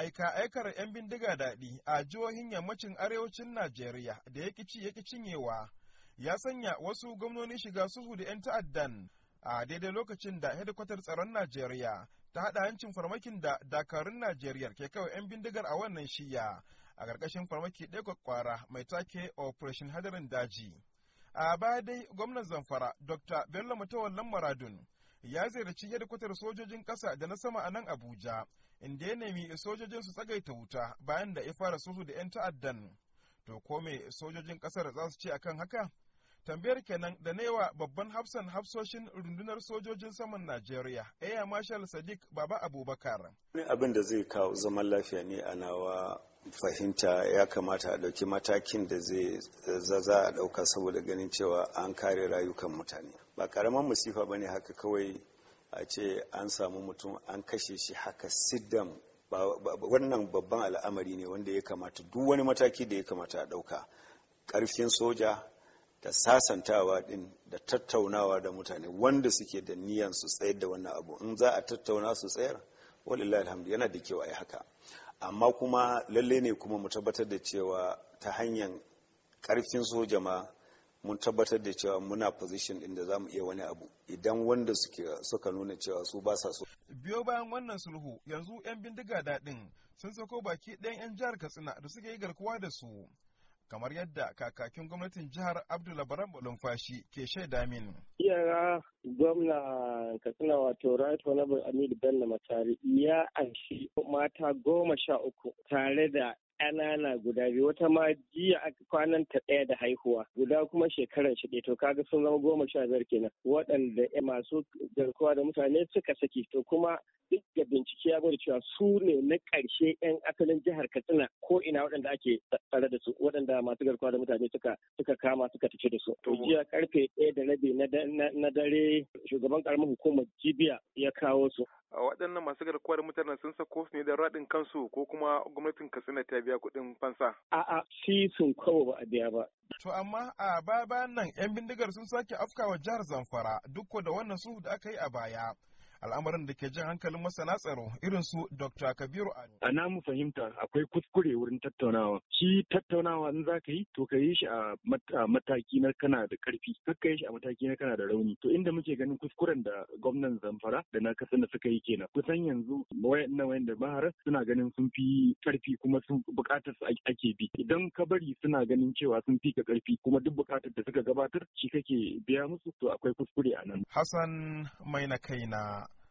aika-aikar 'yan bindiga daɗi a jihohin yammacin arewacin Najeriya da ya kici ya cinyewa ya sanya wasu gwamnoni shiga suhu da 'yan ta'addan a daidai lokacin da hedikwatar tsaron Najeriya ta haɗa hancin farmakin da dakarun Najeriya ke kawai 'yan bindigar a wannan shiya a ƙarƙashin farmaki ɗaya kwakwara mai take Operation Hadarin Daji. A baya dai gwamnan Zamfara Dr. Bello Mutawallan Maradun ya ziyarci yadkwatar sojojin ƙasa da na sama a nan Abuja, inda ya nemi sojojin su tsagaita wuta bayan da ya fara sulhu da 'yan ta'addan. To ko me sojojin ƙasar za su ce akan haka? Tambayar kenan da newa babban hafsan hafsoshin rundunar sojojin saman Najeriya, Air Marshal Sadiq Baba Abubakar. Wani abin da zai kawo zaman lafiya ne a nawa fahimta ya kamata a ɗauki matakin da zai za a ɗauka saboda ganin cewa an kare rayukan mutane ba karamar musifa ba ne haka kawai a ce an samu mutum an kashe shi haka siddam wannan babban al'amari ne wanda ya kamata duk wani mataki da ya kamata a ɗauka karfin soja da sasantawa din da tattaunawa da mutane wanda suke da niyan su tsayar da wannan abu in za a tattauna su tsayar walillahi alhamdu yana da kyau a haka amma kuma lalle ne kuma mu tabbatar da cewa ta hanyar karfin soja ma mun tabbatar da cewa muna position din da zamu iya wani abu idan wanda suka nuna cewa su ba sa so biyo bayan wannan sulhu yanzu yan bindiga daɗin sun sako baki ɗayan yan jihar katsina da suke yi garkuwa da su kamar yadda kakakin gwamnatin jihar Abdulabaran balumfashi ke shaida min. Iyara gwamna Katsina wato Right Honorable amir Bello Matari ya anshi mata goma sha uku tare da ƙanana guda biyu wata ma jiya aka kwanan ta ɗaya da haihuwa guda kuma shekaran shi to kaga sun zama goma sha biyar kenan waɗanda masu garkuwa da mutane suka saki to kuma duk da bincike gaskiya gwada cewa su ne na ƙarshe 'yan asalin jihar Katsina ko ina waɗanda ake tsare da su waɗanda masu garkuwa da mutane suka suka kama suka tace da su. To jiya karfe ɗaya da rabi na dare shugaban karamar hukumar Jibiya ya kawo su. waɗannan masu garkuwa mutanen sun sako su ne da raɗin kansu ko kuma gwamnatin katsina ta biya kuɗin fansa. A'a, shi sun kawo ba a biya ba. To amma a baya nan 'yan bindigar sun sake afkawa jihar Zamfara duk da wannan su da aka yi a baya. al'amarin da ke jin hankalin masana tsaro irin su Dr. Kabiru Ado. A na mu fahimta akwai kuskure wurin tattaunawa. Shi tattaunawa in za ka yi to ka yi shi a mataki na kana da karfi, ka yi shi a mataki na kana da rauni. To inda muke ganin kuskuren da gwamnan Zamfara da na kasan da suka yi kenan. Kusan yanzu na wayan da bahar suna ganin sun fi karfi kuma sun bukatar su ake bi. Idan ka bari suna ganin cewa sun fi ka karfi kuma duk bukatar da suka gabatar shi kake biya musu to akwai kuskure a nan. Hassan mai na kaina